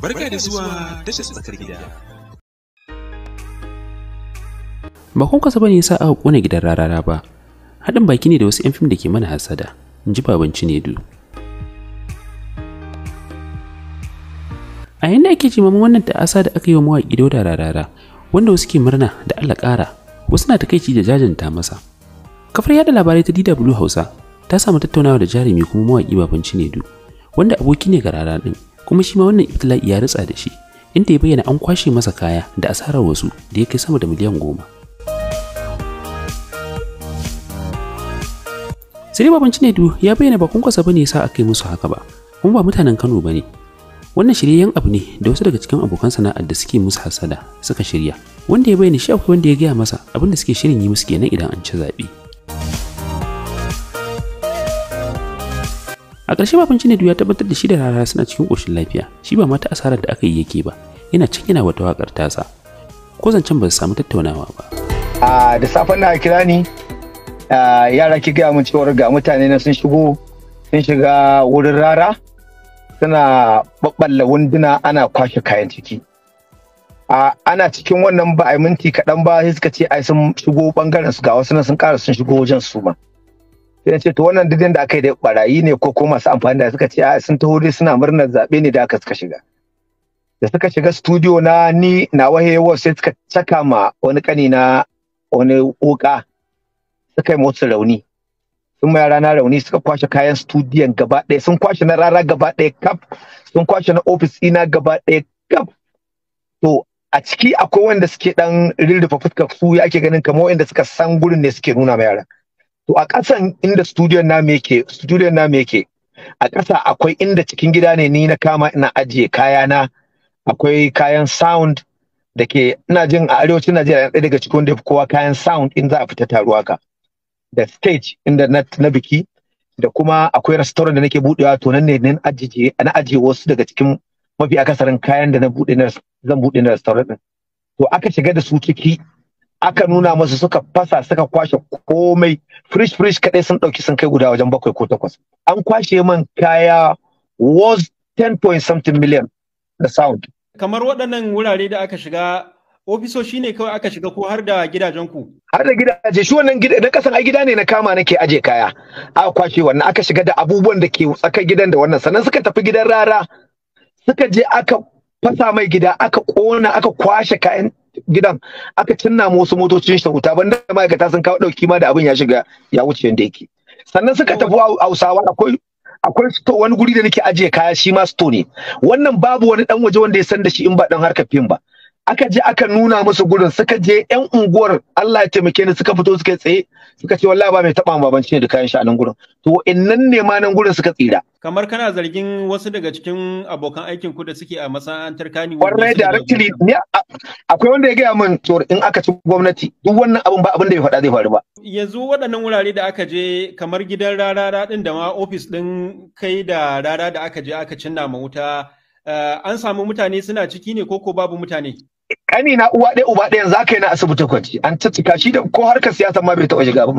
Barka da zuwa tashar tsakar gida. Ba kun kasa bane sa aka kona gidan rarara ba. Haɗin baki ne da wasu 'yan fim da ke mana hasada, in ji babanci ne du. A yanda ake jimamin wannan ta'asa da aka yi wa mawaƙi da rarara, wanda wasu ke murna da Allah ƙara, wasu na takaici da jajanta masa. Kafar yada labarai ta DW Hausa ta samu tattaunawa da jarumi kuma mawaƙi babanci ne wanda aboki ne ga rara ɗin. kuma shi ma wannan ibtila'i ya ritsa da shi inda ya bayyana an kwashe masa kaya da asarar wasu da ya kai sama da miliyan goma. sai baban cinedu ya bayyana ba kunkwasa bane sa aka yi musu haka ba kuma ba mutanen kano ba ne. wannan shiryayyen abu ne da wasu daga cikin abokan sana'ar da suke musu hasada suka shirya wanda ya bayyana shi akwai wanda ya gaya masa abin da suke shirin yi musu kenan idan an ci zaɓe. a ƙarshe ne Cinedu ya tabbatar da shi da rara suna cikin ƙoshin lafiya shi ba mata asarar da aka yi yake ba yana cikin yana wata waƙar tasa ko zancen ba su samu tattaunawa ba. da safen na kira ni yara ki gaya min cewar ga mutane na sun shigo sun shiga wurin rara suna ɓaɓɓalla wunduna ana kwashe kayan ciki. ana cikin wannan ba a yi minti kaɗan ba sai suka ce ai sun shigo ɓangaren su ga wasu na sun ƙara sun shigo wajen su ma. sai ce to wannan didin da aka yi da barayi ne ko ko masu amfani da suka ce a sun taho dai suna murnar zaɓe ne da aka suka shiga da suka shiga studio na ni na wahewa sai suka caka ma wani kani na wani wuka suka yi motsa rauni sun ma yara na rauni suka kwashe kayan studio gaba ɗaya sun kwashe na rara gaba ɗaya kaf sun kwashe na ofis ina gaba ɗaya kaf to a ciki akwai wanda suke dan rirrufa fuskar su ya ake ganin kamar wanda suka san gurin ne suke nuna ma yara to a ƙasan inda studiyon na yake studiyon na yake a ƙasa akwai inda cikin gida ne ni na kama ina ajiye kayana akwai kayan sound da ke ina jin a arewacin Najeriya ɗaya daga cikin wanda kowa kayan sound in za a fita taruwa ka da stage inda na, na biki da kuma akwai restaurant da nake buɗewa to nan ne nan ajiye na ajiye wasu daga cikin mafi akasarin kayan da na bude na zan bude na restaurant to aka shiga da su ciki aka nuna masu suka fasa suka kwashe komai fresh fresh kadai sun dauki sun kai guda wajen bakwai ko takwas an kwashe man kaya was 10 point something million da sound kamar waɗannan wurare da aka shiga ofisoshi ne kawai aka shiga ko har da gidajen ku har da gidaje shi wannan gida na kasan ai gida ne na kama nake aje kaya aka kwashe wannan aka shiga da abubuwan da ke tsakar gidan da wannan sannan suka tafi gidan rara suka je aka fasa mai gida aka kona aka kwashe kayan gidan aka cinna mu wasu motocin shi ta huta banda ma'aikata sun kawo dauki ma da abin ya shiga ya wuce yanda yake sannan suka tafi Hausawa akwai akwai store wani guri da nake ajiye kaya shi ma store ne wannan babu wani dan waje wanda ya san da shi in ba dan harkar fim ba aka je aka nuna musu gurin suka je yan unguwar Allah ya taimake ni suka fito suka tsaye suka ce wallahi ba mai taba baban ne da kayan shi a nan gurin to innan ne ma nan gurin suka tsira kamar kana zargin wasu daga cikin abokan aikin ku da suke a masana'antar kani wannan directly ne akwai wanda ya gaya min to in aka ci gwamnati duk wannan abin ba abin da bai faɗa zai faru ba yanzu waɗannan wurare da aka je kamar gidan rarara din da ma office din kai da rara da aka je aka cinna ma wuta eh, an samu mutane suna ciki ne ko ko babu mutane kani na uwa ɗaya uba ɗaya za ka yi na asibitin kwanci an caccaka shi da ko harkar siyasa ma bai taɓa shiga ba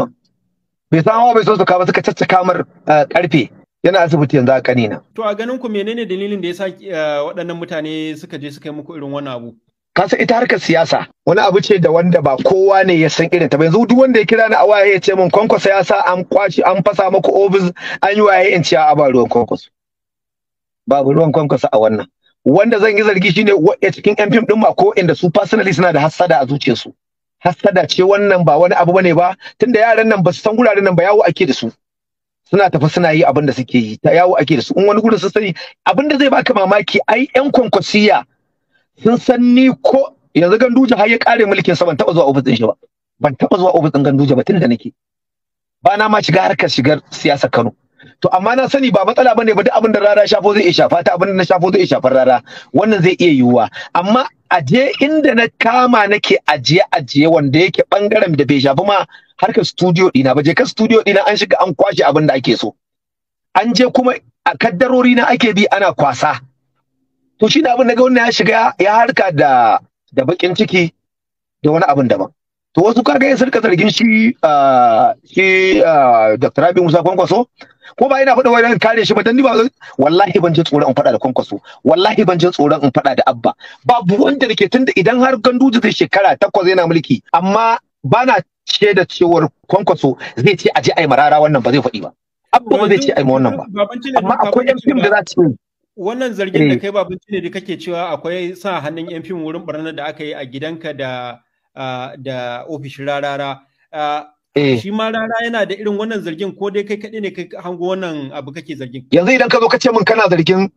bai san hawa bai so su ba suka caccaka mar karfe eh, yana asibiti yanzu a kanina. To a ganin ku menene dalilin da ya sa eh, waɗannan mutane suka je suka yi muku irin wannan abu? Kasa ita harkar siyasa wani abu ce da wanda ba kowa ne ya san irin ta Ba yanzu duk wanda ya kira ni a waya ya ce min kwankwasa ya sa an kwaci an fasa maku ofis an yi waye in ciya a ba ruwan kwankwaso. Babu ruwan kwankwasa a wannan. wanda zan yi zargi shine a cikin yan fim din ma ko inda su personally suna da hassada a zuciyarsu hassada ce wannan ba wani abu bane ba tunda yaran nan ba su san guraren nan ba yawo ake da su suna tafi suna yi abin da suke yi ta yawo ake da su in wani gurin sun sani abin da zai baka mamaki ai yan kwankwasiya sun san ni ko yanzu ganduja har ya kare mulkin sa ban taba zuwa ofis din shi ba ban taba zuwa ofis din ganduja ba tunda nake ba na ma shiga harkar shigar siyasar Kano to amma na sani ba matsala bane ba duk abin da rara shafo zai iya shafa ta abin da na shafo zai iya rara wannan zai iya yiwuwa amma aje inda na kama nake ajiye ajiye wanda yake bangaren da bai shafi ma ka studio dina ba je ka studio dina an shiga an kwashe abin da ake so an je kuma a kaddarori na ake bi ana kwasa to shi da abin da ga wannan ya shiga ya harka da da bakin ciki da wani abin daban to wasu kaga sun ka zargin shi shi Dr. Rabi Musa Kwankwaso ko ba ina faɗa wai dan kare shi ba dan ni ba wallahi ban ji tsoron in faɗa da Kwankwaso wallahi ban ji tsoron in faɗa da Abba babu wanda nake tunda idan har Ganduje zai shekara takwas yana mulki amma bana ce da cewar Kwankwaso zai ce aje ai marara wannan ba zai faɗi ba Abba ba zai ce ai wannan ba amma akwai yan fim da za yi wannan zargin da eh. kai babun ne da kake cewa akwai sa hannun yan fim wurin barnar da aka yi a gidanka da Ah, da ofishin rarara. Ah, eh. Shi ma rara yana da irin wannan zargin ko dai kai kaɗai ne kai hango wannan abu kake zargin. Yanzu idan ka zo ka ce min kana zargin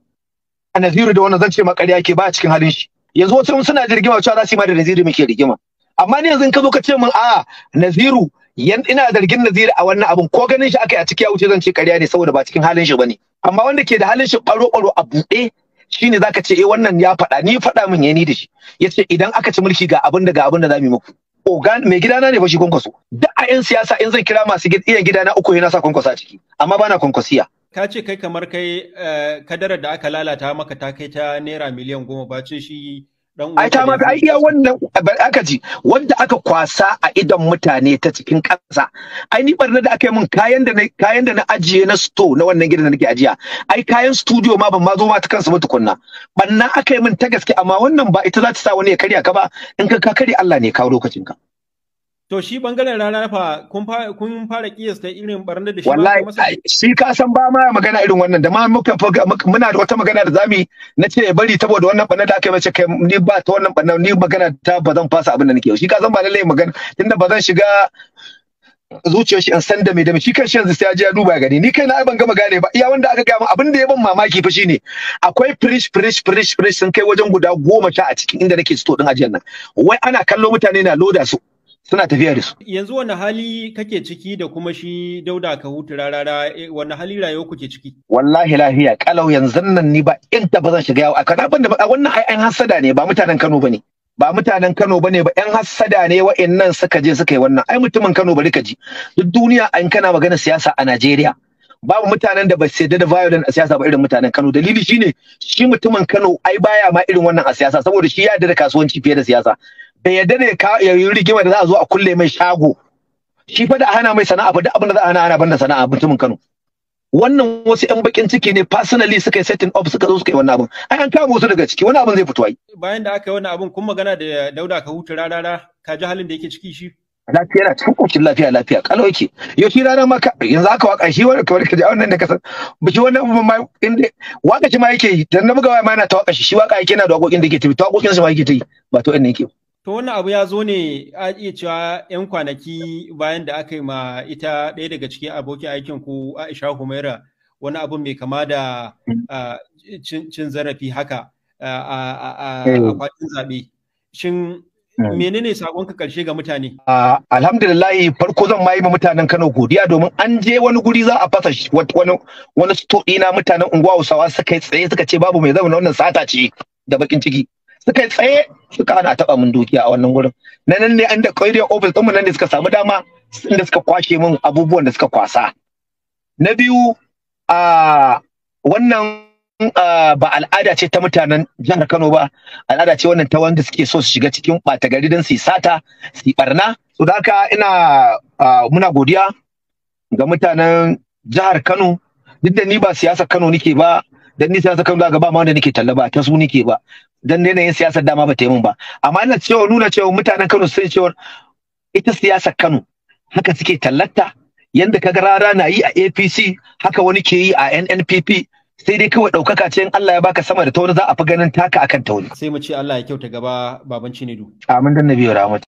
a naziru da wannan zan ce ma ke ba a cikin halin shi. Yanzu wasu suna jirgin cewa za su yi ma da naziru muke rigima. Amma ni yanzu in ka zo ka ce min a naziru yan ina zargin Nazir a wannan abun ko ganin shi aka yi a ciki ya wuce zan ce ƙarya ne saboda ba cikin halin shi bane amma wanda ke da halin shi ɓaro-ɓaro a buɗe shine zaka ce eh wannan ya faɗa ni faɗa min ya ni da shi yace idan aka ci mulki ga abin da ga abin da zamu yi muku ogan mai gidana ne ba shi kwankwaso duk a yan siyasa in zan kira masu iyan gidana uku yana sa kwankwaso a ciki amma bana kwankwasiya ka ce kai kamar kai eh, kadarar da aka lalata maka ta kai ta naira miliyan goma ba ce shi ai ta mafi ai iya wannan aka ji wanda aka kwasa a idon mutane ta cikin ƙasa ai ni barna da aka yi min kayan da na kayan da na ajiye na store na wannan gidan da nake ajiya ai kayan studio ma ban ma zo ma ta kansa ba tukunna banna aka yi min ta gaske amma wannan ba ita za ta sa wani ya karya ka ba in ka kare karya Allah ne kawo lokacin ka To shi bangaren rana fa kun fara kiyasta irin barnar da shi Wallahi shi ka san ba ma magana irin wannan da ma muka muna da wata magana da zamu na ce bari saboda wannan barnar da aka mace kai ni ba ta wannan barnar ni magana ta ba zan fasa abin da nake shi ka san ba lalle magana tunda ba zan shiga zuciyar shi an san da me da shi kan shi yanzu sai ya duba gani ni kai na ban gama gane ba iya wanda aka gaya min abin da ya ban mamaki fa shine akwai fresh fresh fresh fresh sun kai wajen guda goma sha a cikin inda nake store din ajiyar nan wai ana kallo mutane na loda su suna tafiya da su. Yanzu wani hali kake ciki da kuma shi dauda ka hutu rarara eh, wani hali rayuwa kuke ciki? Wallahi lafiya kalau yanzu nan ni ba inda ba zan shiga yawo a kana ban da wannan ai an hassada ne ba mutanen Kano bane. Ba mutanen Kano bane ba ƴan hassada ne wa'annan suka je suka yi wannan ai mutumin Kano bari ka ji duk duniya an kana magana siyasa a Najeriya. babu mutanen da ba su yarda da violent a siyasa ba irin mutanen Kano dalili shine shi mutumin Kano ai baya ma irin wannan a siyasa saboda shi ya yarda da kasuwanci fiye da siyasa da yadda ne ka yi rigima da za a zo a kulle mai shago shi fa da hana mai sana'a ba duk abin da za a hana hana banda sana'a mutumin Kano wannan wasu yan bakin ciki ne personally suka yi setting up suka zo suka yi wannan abin ai an kawo su daga ciki wannan abin zai fito ai bayan da aka yi wannan abin kun magana da Dauda ka huta rarara ka ji halin da yake ciki shi lafiya yana cikin kocin lafiya lafiya kalo yake yau shi rana ma yanzu aka waka shi wani kamar ji wannan da ka san biki wannan abu ma inda waka shi ma yake dan na buga waya ma yana ta waka shi shi waka yake yana da wakokin da yake tafi ta wakokin shi ma yake ta yi ba to inda yake To wannan abu ya zo ne a iya cewa 'yan kwanaki bayan da aka yi ma ita ɗaya daga cikin abokin aikin ku Aisha Humaira wani abu mai kama da mm. cin zarafi haka a mm. kwakin zaɓe. Shin mm. menene sakonka karshe ga mutane? Alhamdulillahi farko zan ma yi ma mutanen Kano godiya domin an je wani guri za a fasa wani wani na mutanen unguwa Hausawa suka yi tsaye suka ce babu mai zauna wannan sata ce da bakin ciki. suka tsaye suka ana taba mun dukiya a wannan gurin na nan ne an da kwairiyar ofis ɗinmu nan ne suka samu dama inda suka kwashe mun abubuwan da suka kwasa na biyu a wannan ba al'ada ce ta mutanen jihar Kano ba al'ada ce wannan ta wanda suke so su shiga cikin ɓata gari don su sata su yi barna so da haka ina muna godiya ga mutanen jihar Kano duk da ni ba siyasa Kano nike ba dan ni siyasa kan ga ba ma wanda nake talla ba ta su nake ba dan yanayin siyasar dama ba ta yi mun ba amma ina cewa nuna cewa mutanen Kano sun cewa ita siyasar Kano haka suke tallata yanda kaga rara na yi a APC haka wani ke yi a NNPP sai dai kawai ɗaukaka ce in Allah ya baka sama da ta wani za a fi ganin taka akan ta wani. Sai mu ce Allah ya kyauta gaba babanci ne du. Amin dan Nabi Rahmat.